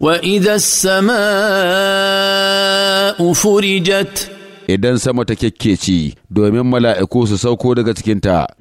واذا السماء فرجت idan sama ta kyakkeci domin mala'iku su sauko daga cikinta